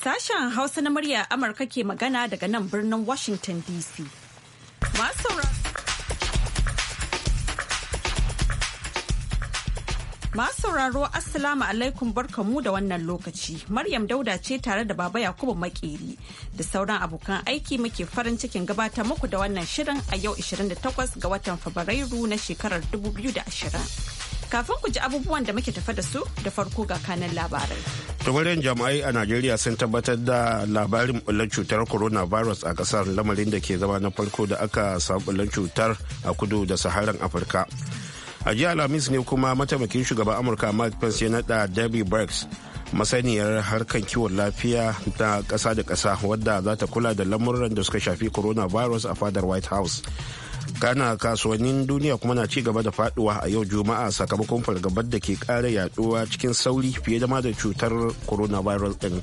Sashen Hausa na murya Amurka ke magana daga nan birnin Washington DC. masauraro sauraro Assalamu alaikum barkamu da wannan lokaci. Maryam Dauda ce tare da Baba Yakubu Makeri da sauran abokan aiki muke farin cikin gabata muku da wannan shirin a yau 28 ga watan Fabrairu na shekarar 2020. Kafin ku ji abubuwan da muke tafa da su da farko ga kanan labarai. Tumarin jama'ai a Najeriya sun tabbatar da labarin bullar cutar coronavirus a kasar lamarin da ke zama na farko da aka samu bullar cutar a kudu da saharan Afirka. A jiya Alhamis ne kuma mataimakin shugaban Amurka Mike Pence ya nada Debbie Briggs masaniyar harkar kiwon lafiya ta ƙasa da ƙasa wadda za ta kula da lamuran da suka shafi coronavirus a fadar white house kana kasuwannin duniya kuma na ci gaba da faduwa a yau juma'a sakamakon fargabar da ke kara yaduwa cikin sauri fiye da ma da cutar coronavirus din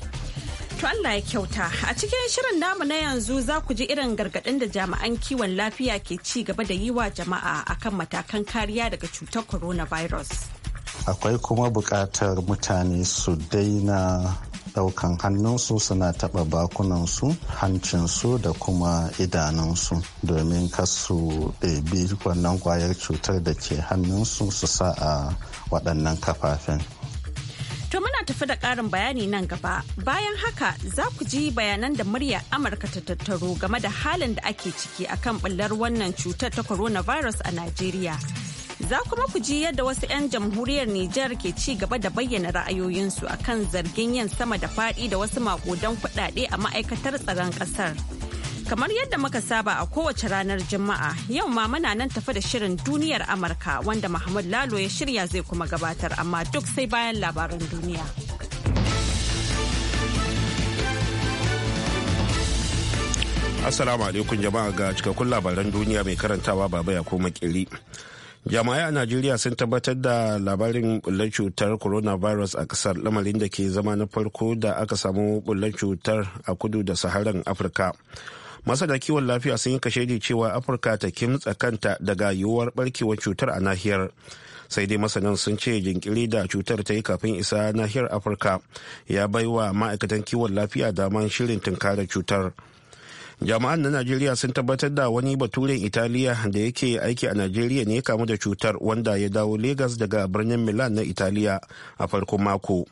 To Allah ya kyauta a cikin shirin namu na yanzu za ku ji irin gargaɗin da jami'an kiwon lafiya ke ci gaba da yi wa jama'a akan matakan kariya daga cutar coronavirus. Akwai kuma buƙatar mutane su daina ɗaukan hannunsu suna taɓa bakunansu hancinsu da kuma idanunsu domin kasu ɗabi wannan kwayar cutar da ke hannunsu su sa a waɗannan kafafen. To muna tafi da ƙarin bayani nan gaba. Bayan haka za ku ji bayanan da murya Amurka ta tattaro game da halin da ake ciki akan ɓullar wannan cutar ta coronavirus a Najeriya. Za kuma ku ji yadda wasu 'yan jamhuriyar Nijar ke ci gaba da bayyana ra'ayoyinsu a kan zargin yin sama da faɗi da wasu makodan kuɗaɗe a ma'aikatar tsaron ƙasar. Kamar yadda muka saba a kowace ranar Juma'a, yau ma muna nan tafi da shirin duniyar Amurka wanda Muhammad Lalo ya shirya zai kuma gabatar amma duk sai bayan labaran duniya. Assalamu alaikum jama'a ga cikakkun labaran duniya mai karantawa baba ya koma kiri. jama'ai a najeriya sun tabbatar da labarin bullar cutar coronavirus a kasar lamarin da ke zama na farko da aka samu bullar cutar a kudu da saharan afirka masana kiwon lafiya sun yi kashedi cewa afirka ta kimtsa kanta daga yiwuwar barkewar cutar a nahiyar sai dai masanan sun ce jinkiri da cutar ta yi kafin isa nahiyar afirka ya baiwa ma'aikatan kiwon lafiya daman shirin tunkarar cutar jama'an na najeriya sun tabbatar da wani baturen italiya da yake aiki a najeriya ne ya kamu da cutar wanda ya dawo lagos daga birnin milan na italiya a farkon mako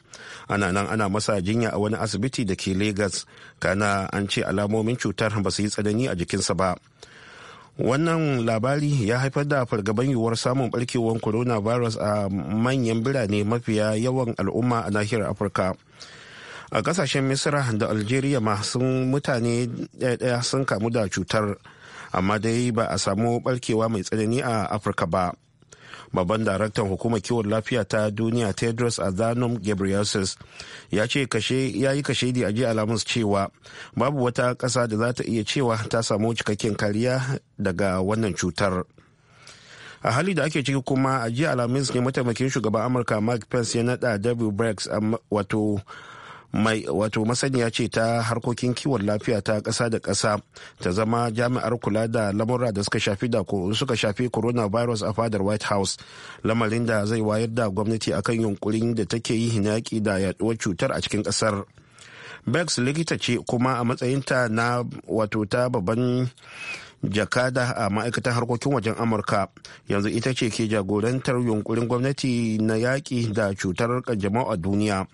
ana nan ana masa jinya a wani asibiti da ke lagos kana an ce alamomin cutar ba su yi tsanani a jikinsa ba wannan labari ya haifar da fargaban yiwuwar samun barkewar coronavirus a manyan birane mafiya yawan al'umma a nahiyar afirka a kasashen misra da algeria ma sun mutane daya sun kamu da cutar amma dai ba a samu barkewa mai tsanani a afirka ba babban daraktan hukumar kiwon lafiya ta duniya tedros adhanom ghebreyesus ya ce ya yi kashe di aji alamus cewa babu wata kasa da za ta iya cewa ta samu cikakken kariya daga wannan cutar a hali da ake ciki kuma a jiya ne mataimakin shugaban amurka mark pence ya nada w brex wato mai wato masaniya ce ta harkokin kiwon lafiya ta kasa da kasa ta zama jami'ar kula da lamura da suka shafi da suka shafi coronavirus a fadar white house lamarin da zai wayar da gwamnati akan yunkurin da take yi yaƙi da yaduwar cutar a cikin ƙasar bex likita ce kuma a matsayinta na wato ta babban jakada a ma'aikatar harkokin wajen amurka yanzu ita ce ke jagorantar yunkurin gwamnati na yaƙi da cutar kanjamau a duniya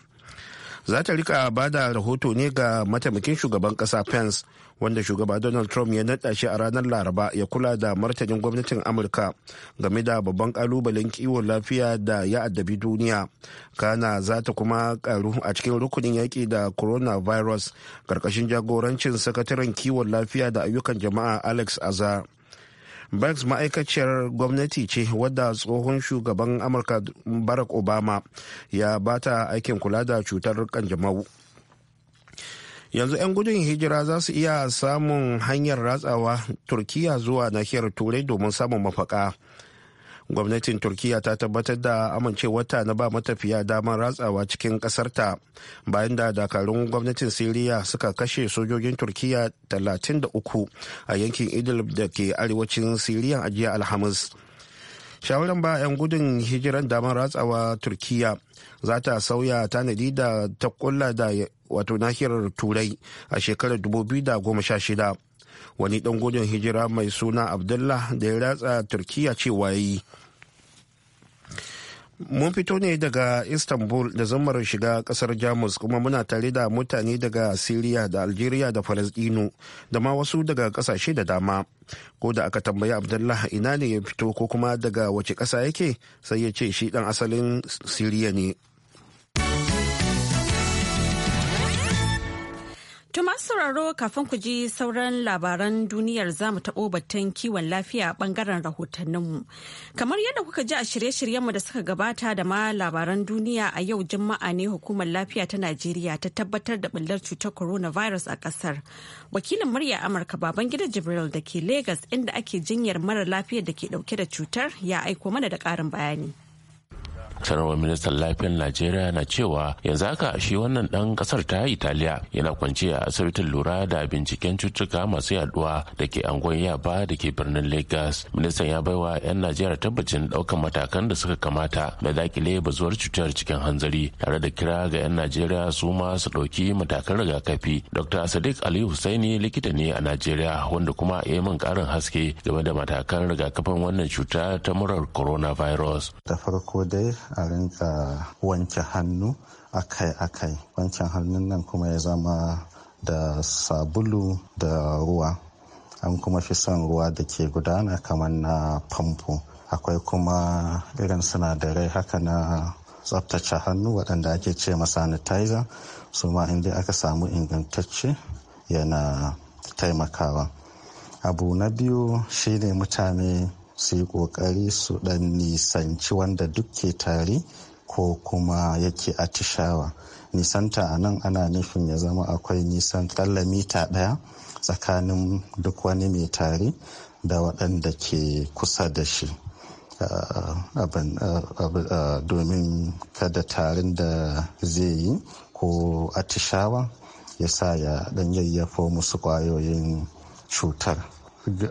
za ta rika ba da rahoto ne ga mataimakin shugaban kasa pence wanda shugaba donald trump ya naɗa shi a ranar laraba ya kula da martanin gwamnatin amurka game da babban kalubalen kiwon lafiya da ya addabi duniya kana za ta kuma karu a cikin rukunin yaƙi da coronavirus ƙarƙashin jagorancin sakataren kiwon lafiya da ayyukan jama'a alex azar banks ma'aikaciyar gwamnati ce wadda tsohon shugaban amurka barack obama ya bata aikin kula da cutar kanjamau yanzu 'yan gudun hijira za su iya samun hanyar ratsawa turkiya zuwa nahiyar turai domin samun mafaka gwamnatin turkiya ta tabbatar da amincewarta na ba matafiya damar ratsawa cikin ƙasarta bayan da dakarun gwamnatin siriya suka kashe sojojin turkiya 33 a yankin idlib da ke arewacin siriya a jiya alhamis shawaran ba 'yan gudun hijiran damar ratsawa turkiya za ta sauya tanadi da ta kulla da wato nahiyar turai a shekarar 2016 wani dan gudun hijira mai suna abdullah da ya ratsa turkiya cewa yi mun fito ne daga istanbul da zammar shiga kasar jamus kuma muna tare da mutane daga syria da algeria da falasdino da ma wasu daga kasashe da dama ko da aka tambayi abdullah ina ne ya fito ko kuma daga wace kasa yake sai ya ce shi dan asalin syria ne Tuma sauraro kafin ku ji sauran labaran duniyar zamu taɓo batun kiwon lafiya a ɓangaren rahotanninmu. Kamar yadda kuka ji a shirye-shiryenmu da suka gabata da ma labaran duniya a yau Juma'a ne hukumar lafiya ta Najeriya ta tabbatar da ɓullar cutar coronavirus a ƙasar. Wakilin murya Amurka Babangida Jibril da ke Legas inda ake jinyar mara lafiyar da ke ɗauke da cutar ya aiko mana da ƙarin bayani. sanarwar ministan lafiyar najeriya na cewa yanzu haka shi wannan dan kasar ta italiya yana kwance a asibitin lura da binciken cutuka masu yaduwa da ke angon yaba da ke birnin lagos ministan ya baiwa 'yan najeriya tabbacin daukan matakan da suka kamata da dakile bazuwar cutar cikin hanzari tare da kira ga 'yan najeriya su ma su ɗauki matakan rigakafi dr sadiq ali husaini likita ne a najeriya wanda kuma ya min karin haske game da matakan rigakafin wannan cuta ta murar coronavirus da farko a rinka wanke hannu akai-akai wancan hannun nan kuma ya zama da sabulu da ruwa an kuma fi son ruwa da ke gudana kamar na famfo akwai kuma irin sinadarai haka na tsabtace hannu waɗanda ake ce sanitizer su ma inda aka samu ingantacce yana taimakawa abu na biyu shine mutane su yi ƙoƙari su ɗan nisanci wanda duk ke tari ko kuma yake atishawa nisanta a nan ana nufin ya zama akwai nisan ƙalla mita ɗaya tsakanin duk wani mai tari da waɗanda ke kusa da shi ah, ah, ah, domin kada tarin da zai yi ko atishawa ya sa ya ɗan yayyafo musu ƙwayoyin cutar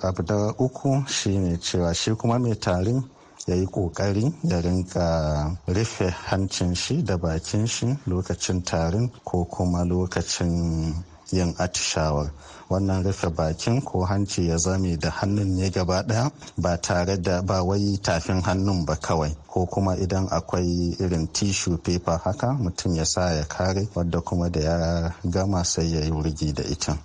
abu da uku shine cewa shi kuma mai tarin ya yi kokari ya rinka rufe hancin shi da bakin shi lokacin tarin ko kuma lokacin yin atishawar wannan rufe bakin ko hanci ya zame da hannun ne gaba ɗaya ba tare da ba wai tafin hannun ba kawai ko kuma idan akwai irin tishu paper haka mutum ya sa ya kare wadda kuma da ya gama sai ya yi wurgi da ita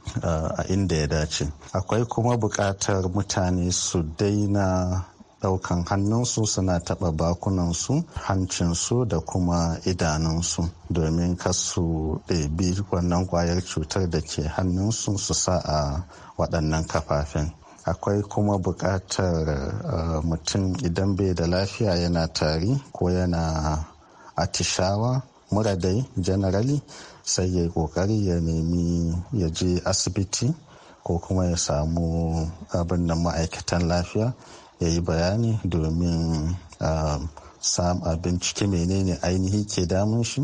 a inda ya dace akwai kuma bukatar mutane su daina daukan hannunsu suna taba bakunansu hancinsu da kuma idanunsu domin kasu ɗabi wannan kwayar cutar da ke hannunsu su sa a waɗannan kafafen akwai kuma buƙatar eh, mutum idan bai da lafiya yana tari ko yana atishawa mura dai generally sai ya yi ƙoƙari ya nemi ya je asibiti ko kuma ya samu abin da ma'aikatan lafiya ya yi bayani domin um, sam a bincike menene ainihi ke damun shi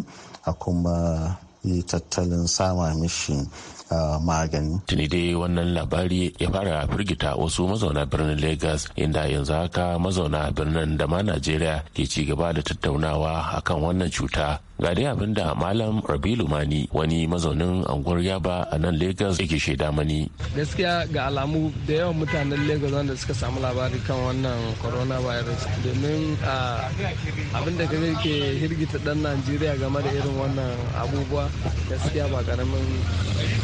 a kuma yi tattalin sama mishi uh, magani. Tuni dai wannan labari ya fara firgita wasu mazauna birnin Legas inda yanzu haka mazauna birnin da ma Najeriya ke cigaba da tattaunawa akan wannan cuta ga dai abin da malam rabi lumani wani mazaunin anguwar yaba a nan lagos yake shaida mani gaskiya ga alamu da yawan mutanen lagos wanda suka samu labari kan wannan coronavirus domin abin da ke hirgita dan najeriya game da irin wannan abubuwa gaskiya ba karamin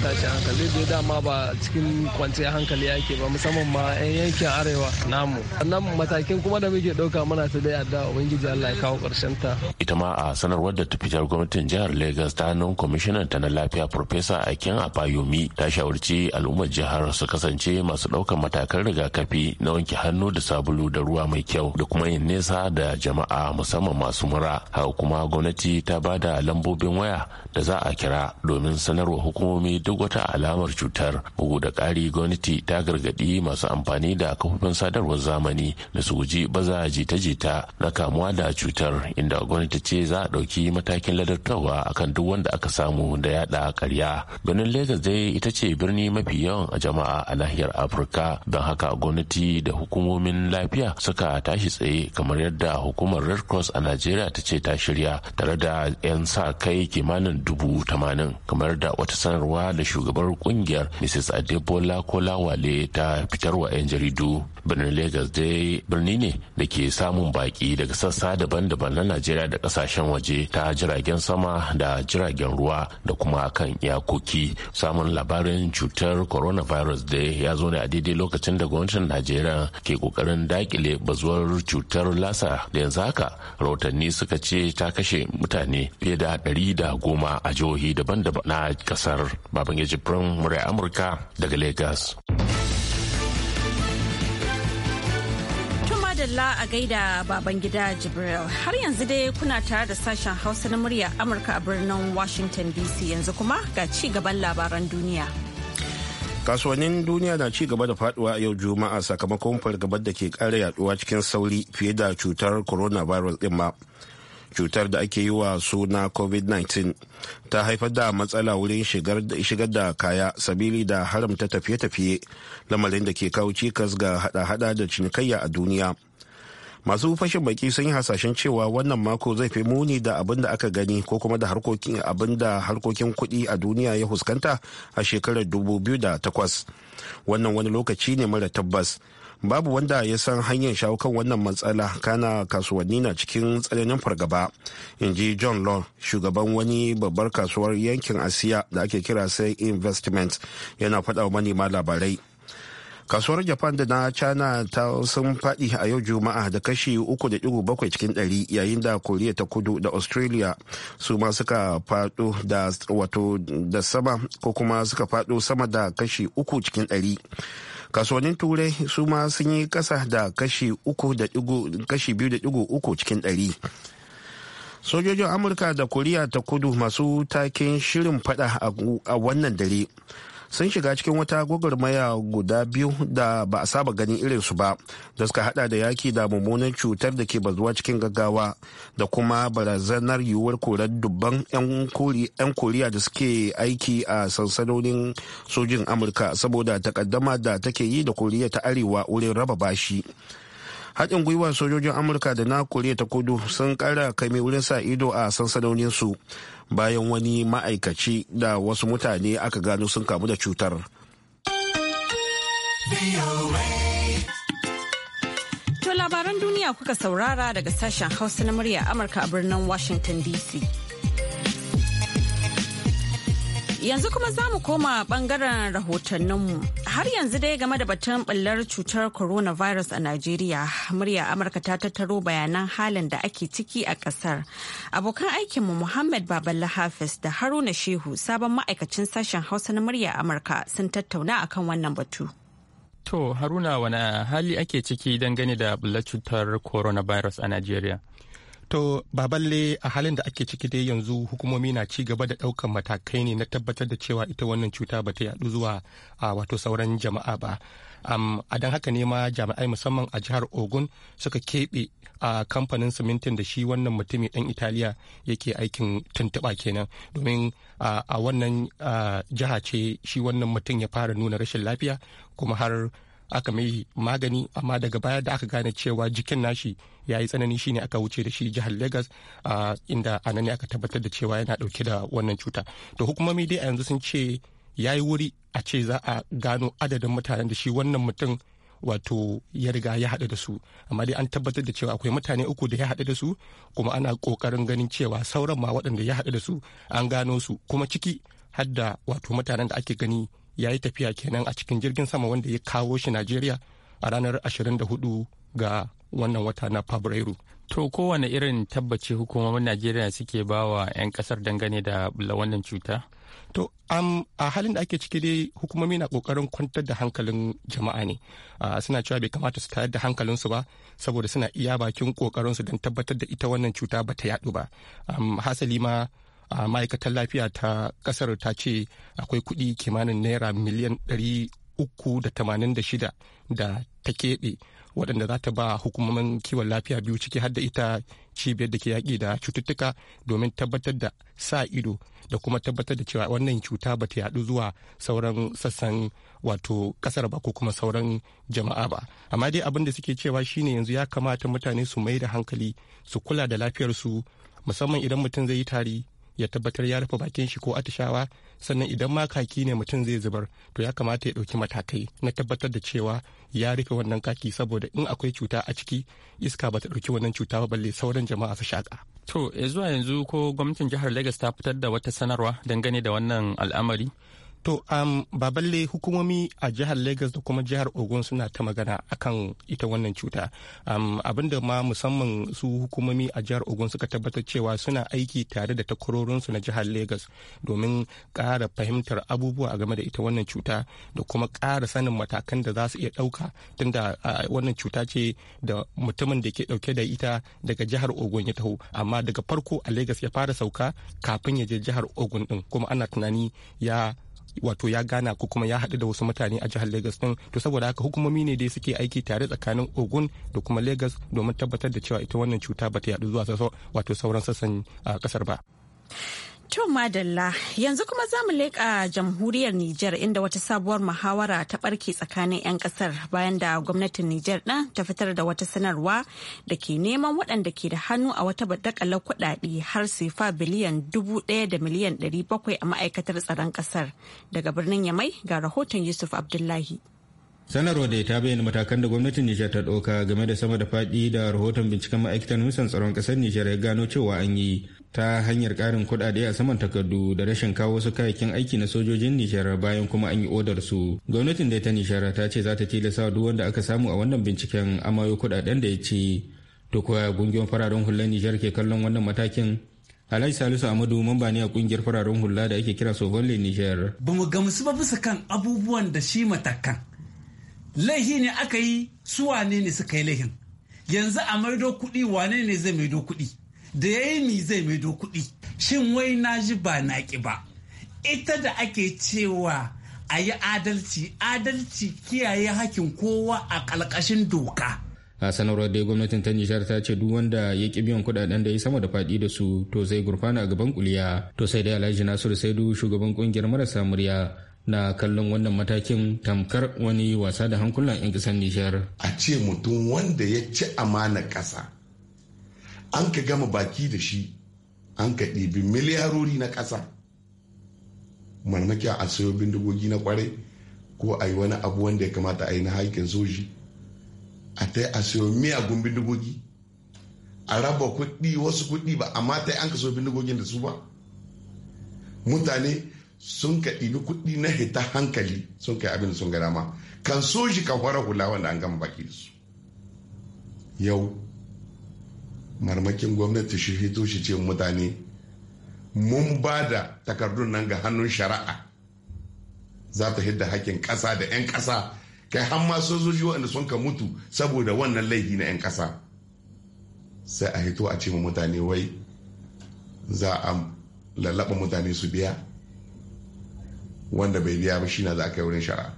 tashi hankali da dama ba cikin kwanciyar hankali ake ba musamman ma 'yan yankin arewa namu sannan matakin kuma da muke ɗauka muna ta dai adda ubangiji allah ya kawo karshen ta ita ma a sanarwar da tafi fitar gwamnatin jihar Legas ta hannun kwamishinan ta na lafiya Profesa Akin Abayomi ta shawarci al'ummar jihar su kasance masu ɗaukar matakan rigakafi na wanke hannu da sabulu da ruwa mai kyau da kuma yin nesa da jama'a musamman masu mura. Haka kuma gwamnati ta ba da lambobin waya da za a kira domin sanarwa hukumomi duk wata alamar cutar. Bugu da ƙari gwamnati ta gargaɗi masu amfani da kafofin sadarwar zamani da su guji baza jita-jita na kamuwa da cutar inda gwamnati ce za a ɗauki mata matakin a kan duk wanda aka samu da yada karya ganin lagos dai ita ce birni mafi yawan a jama'a a nahiyar afirka don haka gwamnati da hukumomin lafiya suka tashi tsaye kamar yadda hukumar red cross a najeriya ta ce ta shirya tare da 'yan sa kai kimanin dubu tamanin kamar da wata sanarwa da shugabar kungiyar mrs adebola kolawale ta fitarwa 'yan jaridu birnin lagos dai birni ne da ke samun baki daga sassa daban-daban na najeriya da kasashen waje ta jiragen sama da jiragen ruwa da kuma kan iyakoki samun labarin cutar coronavirus da ya zo ne a daidai lokacin da gwamnatin najeriya ke kokarin dakile bazuwar cutar lasa da yanzu haka rahotanni suka ce ta kashe mutane fiye da ɗari da goma a jihohi daban-daban na ƙasar babangeji firin murai amurka daga lagos Madalla a gaida baban gida Jibril. Har yanzu dai kuna tare da sashen Hausa na murya Amurka a birnin Washington DC yanzu kuma ga ci gaban labaran duniya. Kasuwannin duniya na ci gaba da faduwa yau Juma'a sakamakon fargabar da ke kara yaduwa cikin sauri fiye da cutar coronavirus din ma. Cutar da ake yi wa suna COVID-19 ta haifar da matsala wurin shigar da kaya sabili da haramta tafiye-tafiye lamarin da ke kawo cikas ga hada-hada da cinikayya a duniya. masu fashin baki sun yi hasashen cewa wannan mako zai fi muni da abin da aka gani ko kuma da harkokin abin da harkokin kuɗi a duniya ya huskanta a shekarar 2008 wannan wani lokaci ne mara tabbas babu wanda ya san hanyar shawo kan wannan matsala kana kasuwanni na cikin tsananin fargaba in ji john law shugaban wani babbar kasuwar yankin asiya da ake kira sai investment yana faɗa manema labarai kasuwar japan da na china ta sun faɗi a yau juma'a da kashi 3.7 cikin 100 yayin da koriya ta kudu da australia su ma suka faɗo da wato da sama ko kuma suka faɗo sama da kashi 3 cikin 100 kasuwannin turai su ma sun yi kasa da kashi uku cikin dari. sojojin amurka da koriya ta kudu masu taken shirin fada a wannan dare sun shiga cikin wata gwagwarmaya guda biyu da ba a saba ganin su ba da suka hada da yaki da mummunan cutar da ke bazuwa cikin gaggawa da kuma barazanar yiwuwar korar dubban 'yan koriya da suke aiki a sansanonin sojin amurka saboda takaddama da take yi da koriya ta arewa wurin raba bashi haɗin gwiwar sojojin amurka da na koriya ta kudu sun ƙara kaimi wurin sa ido a sansanoninsu bayan wani ma'aikaci da wasu mutane aka gano sun kamu da cutar. To labaran duniya kuka saurara daga sashen hausa na murya Amurka a birnin Washington DC. Yanzu kuma za mu koma bangaren rahotanninmu. Har yanzu dai game da batun ɓullar cutar coronavirus a Najeriya, murya Amurka ta tattaro bayanan halin da ake ciki a ƙasar. Abokan aikinmu Muhammad Baballa Hafiz da Haruna Shehu sabon ma'aikacin sashen Hausa na murya Amurka sun tattauna akan wannan batu. To Haruna wani hali ake ciki dangane da ɓullar cutar coronavirus a Najeriya? To baballe a halin da ake ciki dai yanzu hukumomi na ci gaba da ɗaukan matakai ne na tabbatar da cewa ita wannan cuta ba ta yaɗu zuwa a wato sauran jama'a ba. Um, a don haka ne ma jami'ai musamman a jihar Ogun suka keɓe a kamfanin simintin da shi wannan mutumi ɗan Italiya yake aikin tuntuɓa kenan domin a wannan jiha ce shi wannan mutum ya fara nuna rashin lafiya kuma har aka mai magani amma daga baya da aka gane cewa jikin nashi ya yi tsanani shine aka wuce da shi jihar Legas inda a nan ne aka tabbatar da cewa yana dauke da wannan cuta to hukumomi dai a yanzu sun ce ya yi wuri a ce za a gano adadin mutanen da shi wannan mutum wato ya riga ya haɗu da su amma dai an tabbatar da cewa akwai mutane uku da ya haɗu da su kuma ana ƙoƙarin ganin cewa sauran ma waɗanda ya haɗu da su an gano su kuma ciki har da wato mutanen da ake gani ya yi tafiya kenan a cikin jirgin sama wanda ya kawo shi najeriya a ranar 24 ga wannan wata na fabrairu to kowane irin tabbaci hukumomin najeriya suke bawa 'yan kasar dangane da wannan cuta To a halin da ake ciki dai hukumomi na kokarin kwantar da hankalin jama'a ne uh, suna cewa bai kamata su tayar da hankalinsu ba saboda suna iya bakin kokarinsu don tabbatar da ita wannan cuta ba ta yadu ba um, hasali ma a ma'aikatar lafiya ta kasar ta ce akwai kuɗi kimanin naira miliyan 386 da ta keɓe waɗanda za ta ba hukumomin kiwon lafiya biyu ciki har da ita cibiyar da ke yaƙi da cututtuka domin tabbatar da sa ido da kuma tabbatar da cewa wannan cuta ba ta yaɗu zuwa sauran sassan wato ƙasar ba ko kuma sauran jama'a ba amma dai abin da suke cewa shine yanzu ya kamata mutane su mai da hankali su kula da lafiyarsu musamman idan mutum zai yi tari ya tabbatar ya rufe bakin shi ko atishawa sannan idan ma kaki ne mutum zai zubar to ya kamata ya ɗauki matakai na tabbatar da cewa ya rufe wannan kaki saboda in akwai cuta a ciki iska ba ta ɗauki wannan cuta ba balle sauran jama'a su shaƙa. to zuwa yanzu ko gwamnatin jihar lagos ta fitar da wata sanarwa dangane da wannan al'amari. To, um, baballe hukumomi a jihar Legas da kuma jihar Ogun suna ta magana akan ita wannan cuta. Um, abinda ma musamman su hukumomi a jihar Ogun suka tabbatar cewa suna aiki tare da takwarorinsu na jihar Legas domin kara fahimtar abubuwa game da ita wannan cuta da kuma ƙara sanin matakan da za su iya ɗauka tunda uh, wannan cuta ce da mutumin da ke ɗauke da ita daga jihar Ogun ya taho amma daga farko a Legas ya fara sauka kafin ya je jihar Ogun ɗin kuma ana tunani ya wato ya gana ko kuma ya haɗu da wasu mutane a jihar Legas ɗin to saboda haka hukumomi ne dai suke aiki tare tsakanin Ogun da kuma Legas domin tabbatar da cewa ita wannan cuta ba ta yaɗu zuwa wato sauran sassan kasar ba. To Madalla yanzu kuma za mu leƙa jamhuriyar Nijar inda wata sabuwar muhawara ta ɓarke tsakanin 'yan kasar bayan da gwamnatin Nijar ɗin ta fitar da wata sanarwa da ke neman waɗanda ke da hannu a wata badakalar kuɗaɗe har fa biliyan dubu ɗaya da miliyan ɗari bakwai a ma'aikatar tsaron ƙasar. Daga birnin Yamai ga rahoton Yusuf Abdullahi. sanarwa da ta bayyana matakan da gwamnatin nijar ta ɗauka game da sama da faɗi da rahoton binciken ma'aikatan nisan tsaron ƙasar nijar ya gano cewa an yi ta hanyar karin kuɗaɗe a saman takardu da rashin kawo su kayayyakin aiki na sojojin Nijar bayan kuma an yi odar su. Gwamnatin dai ta Nijar ta ce za ta tilasta duk wanda aka samu a wannan binciken amayo kuɗaɗen da ya ce. To kuwa gungiyon fararen hular Nijar ke kallon wannan matakin Alhaji Salisu Amadu mamba ne a kungiyar fararen hula da ake kira Sovalle Niger. Ba mu gamsu ba bisa kan abubuwan da shi matakan. Laihi ne aka yi su wane ne suka yi laihin. Yanzu a maido kuɗi wane ne zai maido kuɗi. da ya yi mi zai maido kuɗi shin wai na ji ba na ƙi ba ita da ake cewa a yi adalci adalci kiyaye hakin kowa a ƙalƙashin doka a sanarwar dai gwamnatin ta nijar ta ce duk wanda ya ƙi biyan kuɗaɗen da ya sama da faɗi da su to zai gurfana a gaban kuliya to sai dai alhaji nasiru saidu shugaban ƙungiyar marasa murya na kallon wannan matakin tamkar wani wasa da hankulan 'yan ƙasar nijar a ce mutum wanda ya ci amana ƙasa an ka gama baki da shi an ka ɗibi miliyarori na ƙasa marmaki a sayo bindigogi na kwarai ko a yi wani abu wanda ya kamata a yi na haikin soji a ta a sayo miyagun bindigogi a raba kuɗi wasu kuɗi ba amma ta an ka sayo bindigogin da su ba mutane sun ka ɗibi kuɗi na hita hankali sun kai abin da sun ga dama kan soji ka fara hula wanda an gama baki da su yau marmakin gwamnati shi fito shi ce mutane mun ba da takardun nan ga hannun shari'a za ta hidda hakkin ƙasa da 'yan ƙasa kai har ma sojoji waɗanda sun ka mutu saboda wannan laifi na 'yan ƙasa sai a hito a ce ma mutane wai za a lallaɓa mutane su biya wanda bai biya ba shi na za a kai wurin shari'a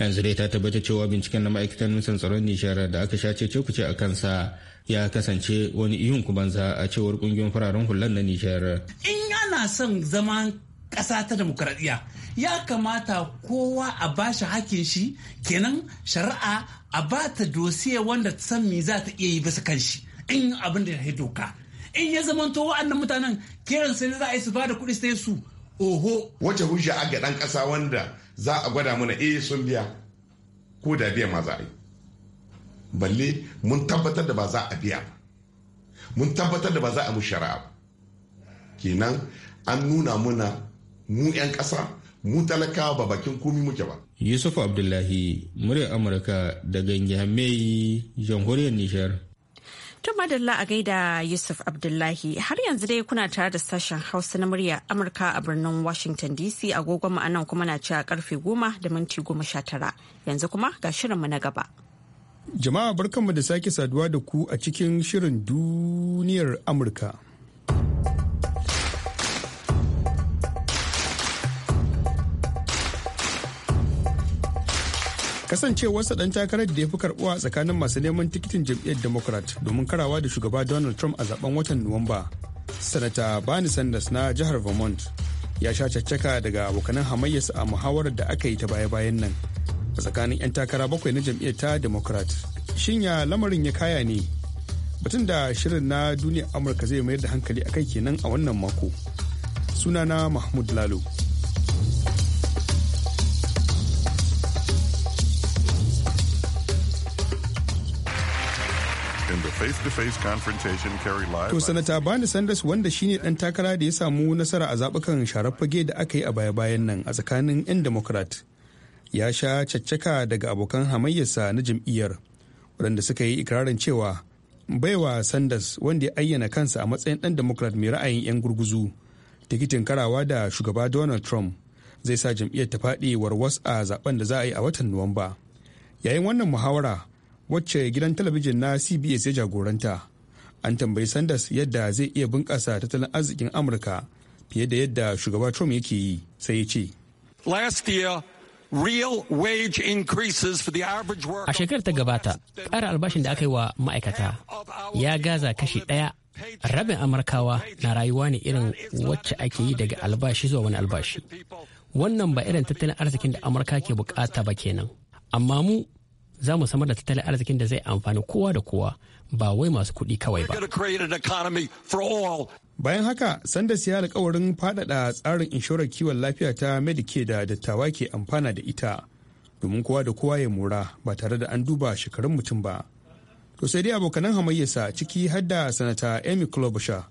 yanzu dai ta tabbata cewa binciken na ma'aikatan nisan tsaron nishara da aka sha ce a kansa ya kasance wani ihun banza a cewar kungiyoyin fararen hular na Nijar. In yana son zaman ƙasa ta demokradiyya ya kamata kowa a ba shi hakin shi kenan shari'a a ba ta dosiye wanda ta san me za ta iya yi bisa kan shi in abin da ya doka in ya zamanto wa'annan mutanen kiran sai za a yi su ba da kuɗi sai su oho wace hujja a ga ɗan ƙasa wanda za a gwada mana eh sun biya ko da biya ma za a yi balle mun tabbatar da ba za a biya ba mun tabbatar da ba za a mu shari'a ba kenan an nuna muna mu 'yan ƙasa mu talakawa ba bakin komi muke ba yusuf abdullahi muryar amurka daga mai jamhuriyar nishar To madalla a gaida Yusuf Abdullahi har yanzu dai kuna tare da sashen Hausa na murya Amurka a birnin Washington DC agogon ma'anan kuma na ci a karfe goma da minti goma sha tara yanzu kuma ga shirinmu na gaba. Jama'a barkanmu da sake saduwa da ku a cikin shirin duniyar Amurka. kasancewarsa dan takarar da ya fi karbuwa tsakanin masu neman tikitin jam'iyyar democrat domin karawa da shugaba donald trump a zaben watan nuwamba sanata bernie sanders na jihar vermont ya sha caccaka daga abokanan hamayyarsa a muhawarar da aka yi ta baya-bayan nan a tsakanin 'yan takara bakwai na jam'iyyar ta democrat shin ya lamarin ya kaya ne batun da shirin na duniyar amurka zai mayar da hankali a kai kenan a wannan mako sunana mahmud lalo To sanata Bani Sanders wanda shi ne dan takara da ya samu nasara a zaɓukan sharar fage da aka yi a baya-bayan nan a tsakanin 'yan Democrat. ya sha caccaka daga abokan hamayyarsa na jam'iyyar waɗanda suka yi ikirarin cewa baiwa sanders wanda ya ayyana kansa a matsayin ɗan democrat mai ra'ayin 'yan gurguzu tikitin karawa da shugaba donald trump zai sa jam'iyyar ta faɗi warwas a zaben da za a yi a watan nuwamba yayin wannan muhawara wacce gidan talabijin na cbs ya jagoranta an tambayi sanders yadda zai iya bunƙasa tattalin arzikin amurka fiye da yadda shugaba trump yake yi sai ya ce last A shekarar ta gabata, ƙara albashin da aka yi wa ma'aikata ya gaza kashi ɗaya rabin Amurkawa na rayuwa ne irin wacce ake yi daga albashi zuwa wani albashi. Wannan ba irin tattalin arzikin da Amurka ke bukata ba kenan. Amma mu za mu samar da tattalin arzikin da zai amfani kowa da kowa ba wai masu kuɗi kawai ba. Bayan haka, Sanders ya alkawarin faɗaɗa tsarin inshorar kiwon lafiya ta Medicare da dattawa ke amfana da ita, domin kowa da kowa ya mura ba tare da an duba shekarun mutum ba. To sai dai abokanan hamayyarsa ciki har da Sanata Amy Klobuchar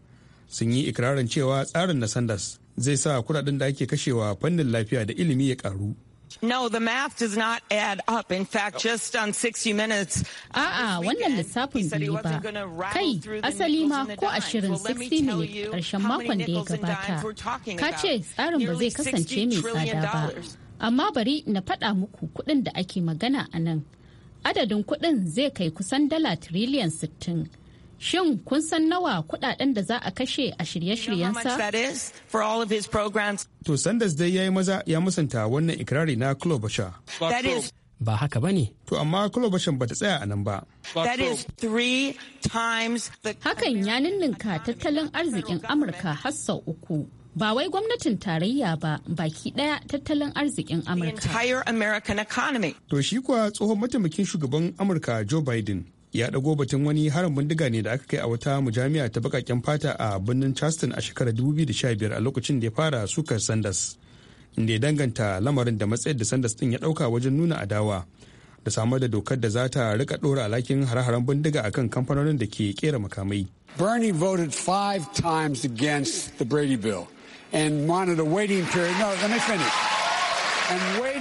sun yi ikirarin cewa tsarin na Sanders zai sa kuɗaɗen da ake kashewa fannin lafiya da ilimi ya ƙaru. No, the math does not add up. In fact, oh. just on 60 minutes. A'a, wannan lissafin bai ba. Kai, asali ma ko ashirin 60 minutes ƙarshen makon da ya gabata. Ka ce tsarin ba zai kasance mai tsada ba. Amma bari na faɗa muku kuɗin da ake magana a nan. Adadin kuɗin zai kai kusan dala tiriliyan 60. Shin kun san nawa kuɗaɗen da za a kashe a shirye-shiryensa? To Sanders dai ya yi maza ya musanta wannan ikirari na Klobuchar. Ba haka ba ne. To amma Klobuchar ba ta tsaya a nan ba. Hakan ya ninninka tattalin arzikin Amurka har sau uku. ba wai gwamnatin tarayya ba baki daya tattalin arzikin amurka to shi kuwa tsohon mataimakin shugaban amurka joe biden ya ɗago batun wani harin bindiga ne da aka kai a wata mujami'a ta bakaken fata a birnin charleston a shekarar 2015 a lokacin da ya fara sukar sanders inda ya danganta lamarin da matsayar da sanders ɗin ya ɗauka wajen nuna adawa da samar da dokar da za ta rika ɗora alhakin hare-haren bindiga akan kamfanonin da ke kera makamai bernie voted five times against the brady bill and wanted a waiting period no let me finish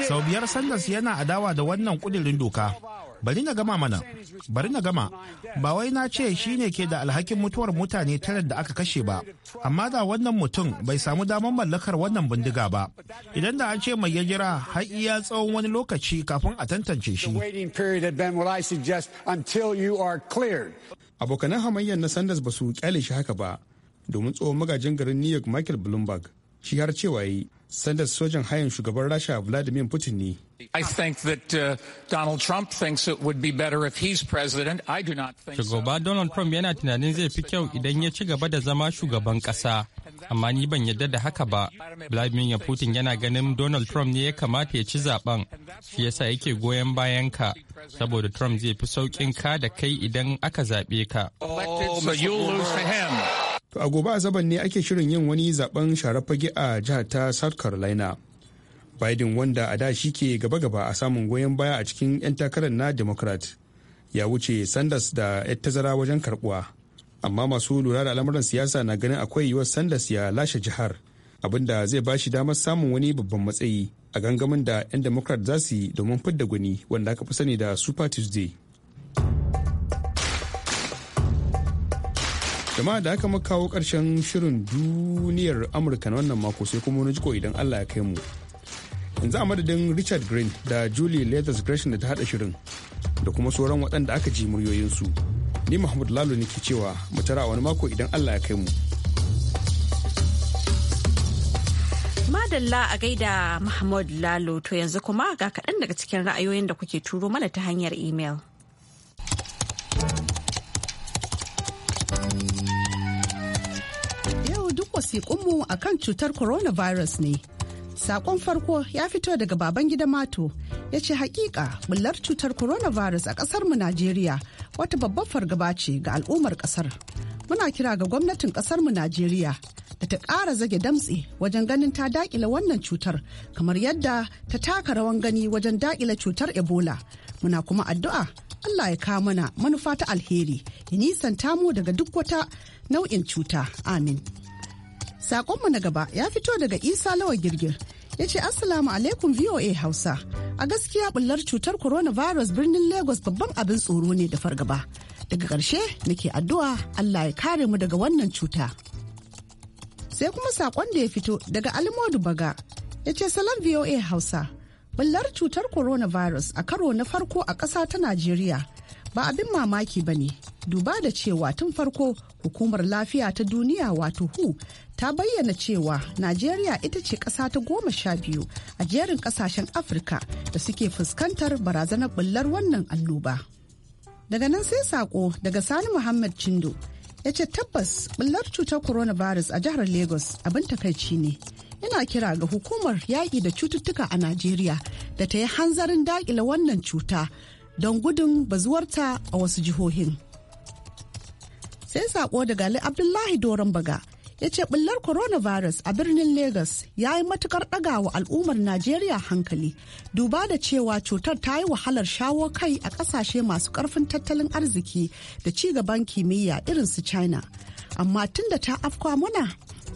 sau biyar sanders yana adawa da wannan kudirin doka bari na gama mana bari na gama ba wai na ce shine ke da alhakin mutuwar mutane tare da aka kashe ba amma da wannan mutum bai samu damar mallakar wannan bindiga ba idan da an ce mai ya jira har iya tsawon wani lokaci kafin a tantance shi abokanan hamayyar na sanders ba su kyale shi haka ba domin tsohon magajin garin new york michael bloomberg shi har cewa yi sandar sojan hayan shugaban Rasha Vladimir Putin ne. I think that uh, Donald Trump thinks it would be better if he's president. I do not think Shugaba so. Donald Trump yana tunanin zai fi kyau idan ya ci gaba da zama shugaban kasa. Amma ni ban yarda da haka ba. Vladimir Putin yana ganin Donald Trump ne ya kamata ya ci zaben. Shi yasa yake goyon bayan ka. Saboda Trump zai fi saukin ka da kai idan aka zaɓe ka. Oh, so to a gobe asabar ne ake shirin yin wani zaben sharar fage a jihar ta south carolina biden wanda a da shi ke gaba-gaba a samun goyon baya a cikin 'yan takarar na democrat ya wuce sanders da ya tazara wajen karbuwa amma masu lura da al'amuran siyasa na ganin akwai yiwuwar sanders ya lashe jihar abinda zai ba shi damar samun wani babban matsayi a gangamin da 'yan democrat za su yi domin fidda gwani wanda aka fi sani da super tuesday jama'a da aka makawo karshen shirin duniyar amurka na wannan mako sai kuma wani jiko idan allah ya kai mu yanzu a madadin richard green da julie leathers gresham da ta hada shirin da kuma sauran waɗanda aka ji muryoyinsu ni mahmud lalo ne ke cewa mutara a wani mako idan allah ya kai mu madalla a gaida mahmud lalo to yanzu kuma ga kaɗan daga cikin ra'ayoyin da kuke turo mana ta hanyar imel. wasiƙunmu a kan cutar coronavirus ne. Sakon farko ya fito daga baban gida Mato ya ce hakika bullar cutar coronavirus a ƙasarmu Najeriya wata babbar fargaba ce ga al'ummar ƙasar. Muna kira ga gwamnatin ƙasarmu Najeriya da ta ƙara zage damtse wajen ganin ta daƙile wannan cutar kamar yadda ta taka rawan gani wajen daƙile cutar Ebola. Muna kuma addu'a Allah ya kawo mana manufa ta alheri ya nisanta mu daga duk wata nau'in cuta. Amin. Sakonmu na gaba ya fito daga Isa Lawa Girgir. Ya ce Assalamu alaikum VOA Hausa. A gaskiya bullar cutar coronavirus birnin Lagos babban abin tsoro ne da fargaba. Daga ƙarshe nake addu'a Allah ya kare mu daga wannan cuta. Sai kuma saƙon da ya fito daga Alimodu Baga. Ya ce salam VOA Hausa. Bullar cutar coronavirus a karo na farko a ƙasa ta Najeriya ba abin mamaki ba ne. duba da cewa tun farko hukumar lafiya ta duniya wato hu ta bayyana cewa najeriya ita ce ƙasa ta goma sha biyu a jerin ƙasashen afirka da suke fuskantar barazanar bullar wannan annoba daga nan sai sako daga sani muhammad chindo ya ce tabbas bullar cutar coronavirus a jihar lagos abin takaici ne yana kira ga hukumar yaƙi da cututtuka a najeriya da ta yi hanzarin daƙile wannan cuta don gudun bazuwarta a wasu jihohin. sai sako daga ali abdullahi doron baga ya ce bullar coronavirus a birnin lagos ya yi matukar wa al'ummar najeriya hankali duba da cewa cutar ta yi wahalar shawo kai a ƙasashe masu ƙarfin tattalin arziki da ci gaban kimiyya irin su china amma tun da ta afkwa muna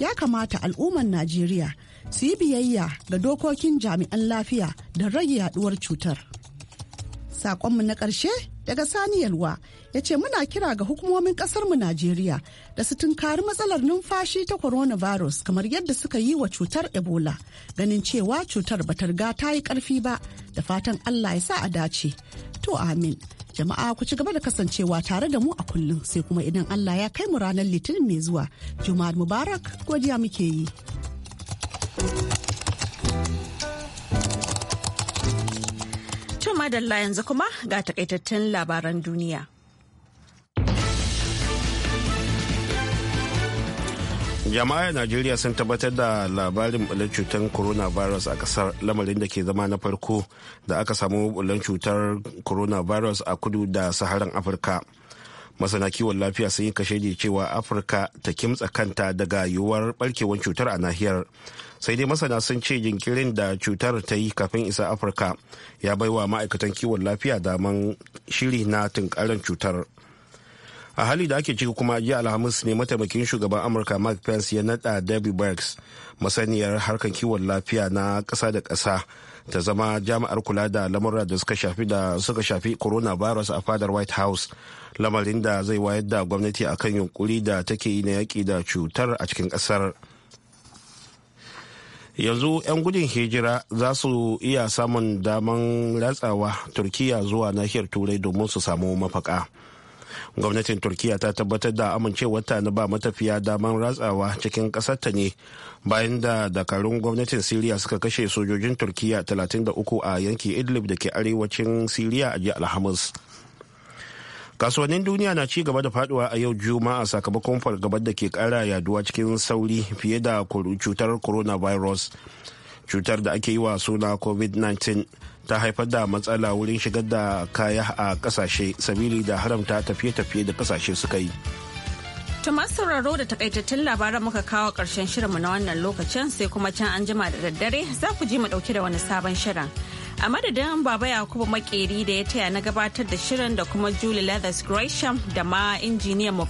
ya kamata al'ummar najeriya su yi biyayya ga dokokin jami'an lafiya da rage yaduwar cutar saƙonmu na ƙarshe daga yalwa ya ce muna kira ga hukumomin kasarmu najeriya da su tunkari matsalar numfashi ta coronavirus kamar yadda suka yi wa cutar ebola ganin cewa cutar ba riga ta yi karfi ba da fatan allah ya sa a dace to amin jama'a ku ci gaba da kasancewa tare da mu a kullum sai kuma idan allah ya kai mu ranar litinin mai zuwa juma'ar mubarak godiya muke yi thank you madalla yanzu kuma ga takaitattun labaran duniya. jama'a najeriya sun tabbatar da labarin bulan cutar coronavirus a kasar lamarin da ke zama na farko da aka samu bulan cutar coronavirus a kudu da saharan afirka masana kiwon lafiya sun yi kashe cewa afirka ta kimtsa kanta daga yiwuwar barkewar cutar a nahiyar sai dai masana sun ce jinkirin da cutar ta yi kafin isa afirka ya baiwa ma'aikatan kiwon lafiya daman shiri na tunkarar cutar a hali da ake ciki kuma jiya alhamis ne mataimakin shugaban amurka mark pence ya nada debbie burks masaniyar harkar kiwon lafiya na ƙasa da ƙasa ta zama jami'ar kula da lamurra da suka shafi da suka shafi coronavirus a fadar white house lamarin da zai wayar da gwamnati akan yunkuri da take yi na yaƙi da cutar a cikin ƙasar yanzu 'yan gudun hijira za su iya samun daman ratsawa turkiya zuwa nahiyar turai domin su samu mafaka gwamnatin turkiya ta tabbatar da amincewarta na ba matafiya daman ratsawa cikin kasarta ne bayan da dakarun gwamnatin siriya suka kashe sojojin turkiya 33 a yankin idlib da ke arewacin siriya a jiya alhamis kasuwannin duniya na ci gaba da faduwa a yau juma'a sakamakon fargabar da ke kara yaduwa cikin sauri fiye da cutar coronavirus cutar da ake yi wa suna covid-19 ta haifar da matsala wurin shigar da kaya a kasashe sabili da haramta tafiye-tafiye da kasashe suka yi To masu sauraro da takaitattun labaran muka kawo karshen shirinmu na wannan lokacin sai kuma can an jima da daddare za ku ji mu dauki da wani sabon shirin. a madadin baba yakubu makeri da ya taya na gabatar da shirin da kuma julie leathers gresham da ma injiniyan mu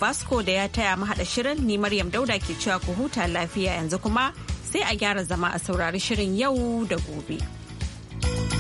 da ya taya mahaɗa shirin ni maryam dauda ke cewa ku huta lafiya yanzu kuma sai a gyara zama a saurari shirin yau da gobe.